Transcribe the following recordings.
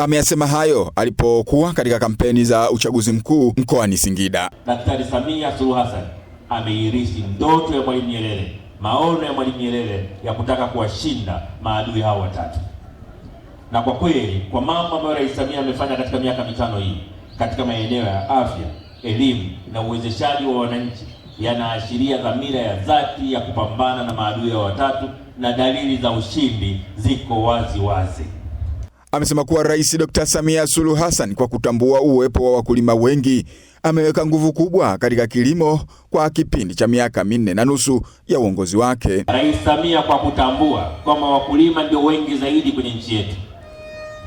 Ameyasema hayo alipokuwa katika kampeni za uchaguzi mkuu mkoani Singida. Daktari Samia Suluhu Hassan ameirithi ndoto ya Mwalimu Nyerere, maono ya Mwalimu Nyerere ya kutaka kuwashinda maadui hao watatu, na kwa kweli kwa mambo ambayo Rais Samia amefanya katika miaka mitano hii katika maeneo ya afya, elimu na uwezeshaji wa wananchi yanaashiria dhamira ya dhati ya kupambana na maadui hao watatu, na dalili za ushindi ziko wazi wazi. Amesema kuwa Rais Dr. Samia Suluhu Hassan kwa kutambua uwepo wa wakulima wengi ameweka nguvu kubwa katika kilimo kwa kipindi cha miaka minne na nusu ya uongozi wake. Rais Samia kwa kutambua kwamba wakulima ndio wengi zaidi kwenye nchi yetu,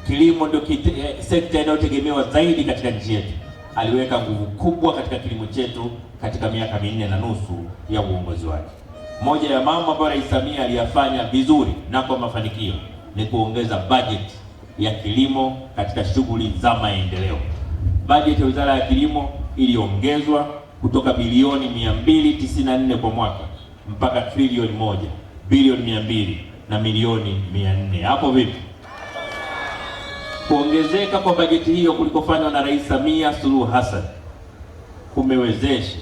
kilimo ndio eh, sekta inayotegemewa zaidi katika nchi yetu, aliweka nguvu kubwa katika kilimo chetu katika miaka minne na nusu ya uongozi wake. Moja ya mambo ambayo Rais Samia aliyafanya vizuri na kwa mafanikio ni kuongeza bajeti ya kilimo katika shughuli za maendeleo. Bajeti ya Wizara ya Kilimo iliongezwa kutoka bilioni 294 kwa mwaka mpaka trilioni moja bilioni mia mbili na milioni 400. Hapo vipi? Kuongezeka kwa bajeti hiyo kulikofanywa na Rais Samia Suluhu Hassan kumewezesha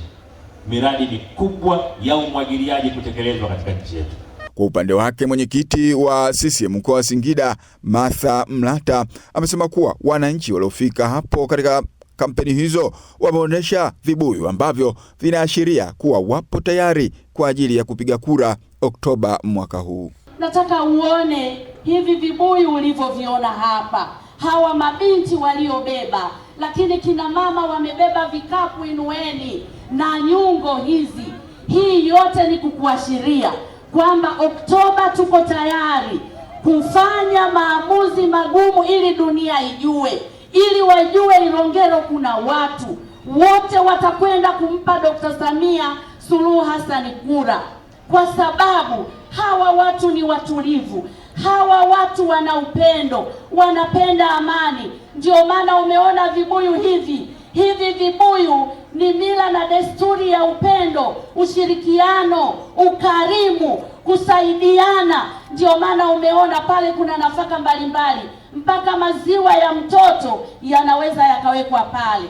miradi mikubwa ya umwagiliaji kutekelezwa katika nchi yetu. Kwa upande wake mwenyekiti wa CCM mkoa wa Singida Martha Mlata amesema kuwa wananchi waliofika hapo katika kampeni hizo wameonyesha vibuyu ambavyo vinaashiria kuwa wapo tayari kwa ajili ya kupiga kura Oktoba mwaka huu. Nataka uone hivi vibuyu ulivyoviona hapa, hawa mabinti waliobeba, lakini kina mama wamebeba vikapu, inueni na nyungo hizi. Hii yote ni kukuashiria kwamba Oktoba tuko tayari kufanya maamuzi magumu ili dunia ijue, ili wajue Ilongero kuna watu wote watakwenda kumpa Dr. Samia Suluhu Hassan kura, kwa sababu hawa watu ni watulivu, hawa watu wana upendo, wanapenda amani. Ndio maana umeona vibuyu hivi Hivi vibuyu ni mila na desturi ya upendo, ushirikiano, ukarimu, kusaidiana. Ndio maana umeona pale kuna nafaka mbalimbali, mpaka maziwa ya mtoto yanaweza yakawekwa pale.